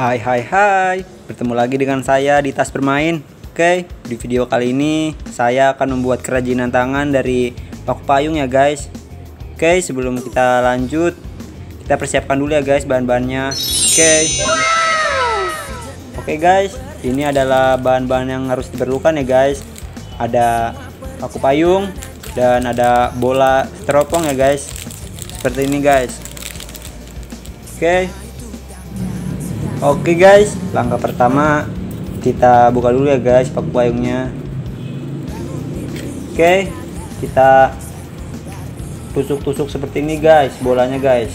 Hai hai hai, bertemu lagi dengan saya di Tas Bermain Oke, di video kali ini saya akan membuat kerajinan tangan dari paku payung ya guys Oke, sebelum kita lanjut, kita persiapkan dulu ya guys bahan-bahannya Oke Oke guys, ini adalah bahan-bahan yang harus diperlukan ya guys Ada paku payung dan ada bola teropong ya guys Seperti ini guys Oke, Oke guys, langkah pertama kita buka dulu ya guys paku payungnya. Oke, kita tusuk-tusuk seperti ini guys, bolanya guys.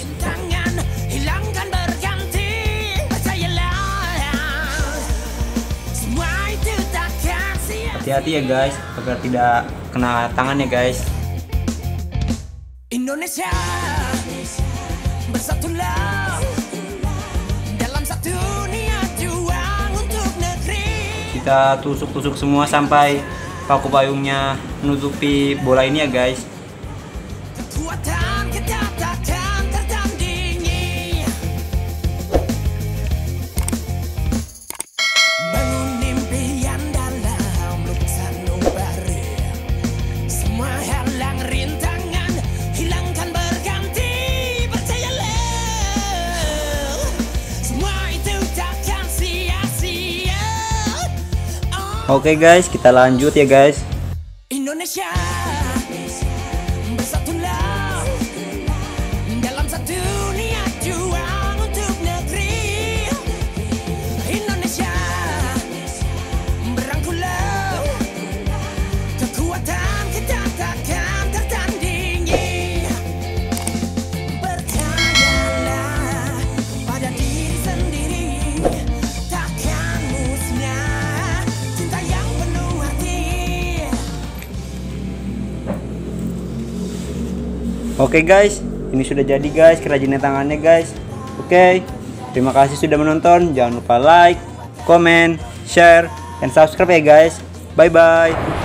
Hati-hati ya guys, agar tidak kena tangan ya guys. Indonesia bersatulah. kita tusuk-tusuk semua sampai paku payungnya menutupi bola ini ya guys. Oke guys, kita lanjut ya guys. Indonesia Oke okay, guys, ini sudah jadi guys kerajinan tangannya guys. Oke, okay. terima kasih sudah menonton. Jangan lupa like, comment, share, dan subscribe ya guys. Bye bye.